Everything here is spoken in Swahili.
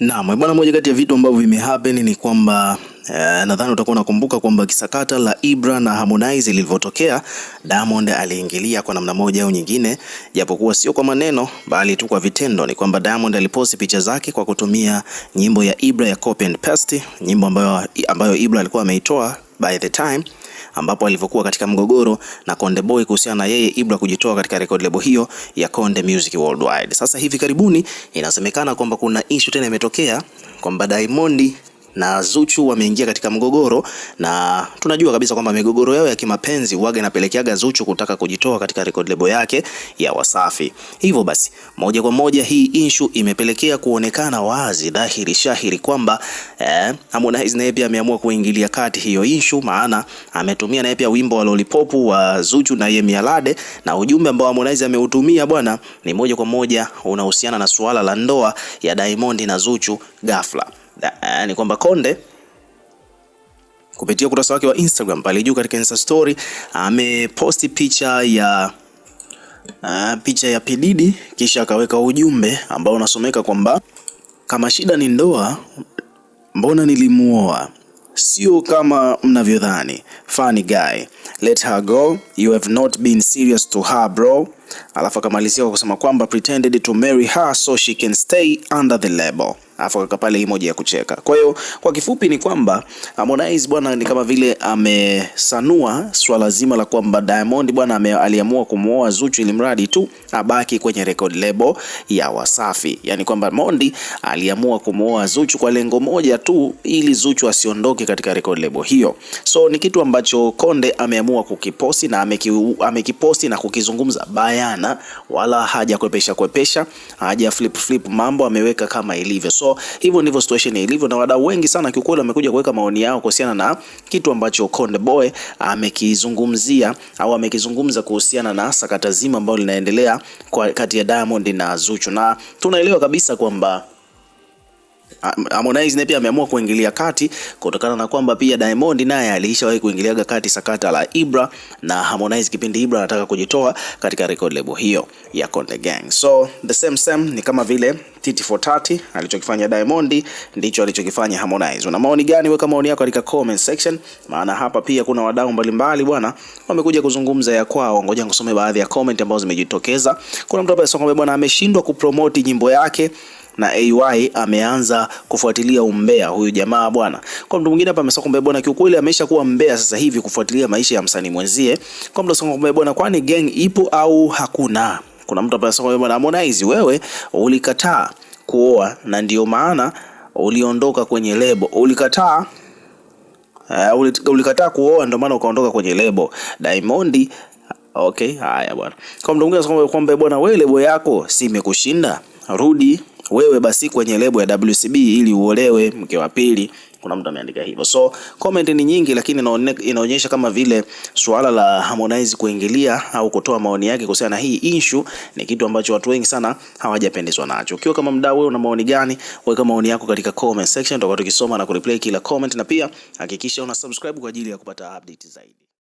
Naam, bwana, moja kati ya vitu ambavyo vimehappen ni kwamba Uh, nadhani utakuwa unakumbuka kwamba kisakata la Ibra na Harmonize lilivyotokea, Diamond aliingilia kwa namna moja au nyingine, japokuwa sio kwa maneno bali tu kwa vitendo. Ni kwamba Diamond aliposti picha zake kwa kutumia nyimbo ya Ibra ya Copy and Paste, nyimbo ambayo, ambayo Ibra alikuwa ameitoa by the time ambapo alivyokuwa katika mgogoro na Konde Boy kuhusiana na yeye Ibra kujitoa katika record label hiyo ya Konde Music Worldwide. Sasa hivi karibuni inasemekana kwamba kuna issue tena imetokea kwamba Diamond na Zuchu wameingia katika mgogoro, na tunajua kabisa kwamba migogoro yao ya kimapenzi huaga inapelekeaga Zuchu kutaka kujitoa katika record label yake ya Wasafi. Hivyo basi, moja kwa moja hii issue imepelekea kuonekana wazi dhahiri shahiri kwamba eh, Harmonize naye pia ameamua kuingilia kati hiyo issue, maana ametumia naye pia wimbo wa Lollipop wa Zuchu na Yemi Alade, na ujumbe ambao Harmonize ameutumia bwana ni moja kwa moja unahusiana na suala la ndoa ya Diamond na Zuchu ghafla. Eh, ni kwamba Konde kupitia ukurasa wake wa Instagram pale juu katika Insta story ameposti picha ya uh, picha ya Pididi kisha akaweka ujumbe ambao unasomeka kwamba kama shida ni ndoa, mbona nilimuoa? Sio kama mnavyodhani. Funny guy, let her go, you have not been serious to her bro. Alafu akamalizia kwa kusema kwamba pretended to marry her so she can stay under the label alafu akaweka pale emoji ya kucheka. Kwa hiyo kwa kifupi ni kwamba Harmonize bwana ni kama vile amesanua swala zima la kwamba Diamond bwana aliamua kumuoa Zuchu ili mradi tu abaki kwenye record label ya Wasafi, yaani kwamba Mondi aliamua kumuoa Zuchu kwa lengo moja tu ili Zuchu asiondoke katika record label hiyo. So ni kitu ambacho Konde ameamua kukiposti na ameki, amekiposti na kukizungumza bayana, wala hajakwepesha kwepesha, haja flip flip mambo, ameweka kama ilivyo so hivyo ndivyo situation ilivyo, na wadau wengi sana kiukweli wamekuja kuweka maoni yao kuhusiana na kitu ambacho Konde Boy amekizungumzia au amekizungumza kuhusiana na sakata zima ambalo linaendelea kati ya Diamond na Zuchu, na tunaelewa kabisa kwamba Harmonize naye pia ameamua kuingilia kati kutokana na kwamba pia Diamond naye alishawahi kuingiliaga kati sakata la Ibra na Harmonize kipindi Ibra anataka kujitoa katika record label hiyo ya Konde Gang. So the same same ni kama vile Titi for Tati alichokifanya Diamond ndicho alichokifanya Harmonize. Una maoni gani? Weka maoni yako katika comment section, maana hapa pia kuna wadau mbalimbali bwana wamekuja kuzungumza ya kwao. Ngoja ngosome baadhi ya comment ambazo zimejitokeza. Kuna mtu hapa anasema bwana ameshindwa kupromote nyimbo yake na AY ameanza kufuatilia umbea huyu jamaa bwana. Kwa mtu mwingine hapa amesema kumbe bwana, kiukweli amesha kuwa mbea sasa hivi kufuatilia maisha ya msanii mwenzie. Kwa mtu anasema kumbe bwana, kwani gang ipo au hakuna? Kuna mtu hapa anasema bwana, Harmonize wewe ulikataa kuoa na ndio maana uliondoka kwenye lebo, ulikataa uh, ulikataa kuoa ndio maana ukaondoka kwenye lebo Diamond. Okay, haya bwana. Kwa mtu mwingine anasema kwamba bwana, wewe lebo yako si imekushinda, rudi wewe basi kwenye lebo ya WCB ili uolewe mke wa pili. Kuna mtu ameandika hivyo, so comment ni nyingi, lakini inaonyesha kama vile suala la Harmonize kuingilia au kutoa maoni yake kuhusiana na hii issue ni kitu ambacho watu wengi sana hawajapendezwa nacho. Ukiwa kama mdau, wewe una maoni gani? Weka maoni yako katika comment section, tutakuwa tukisoma na kureply kila comment, na pia hakikisha una subscribe kwa ajili ya kupata update zaidi.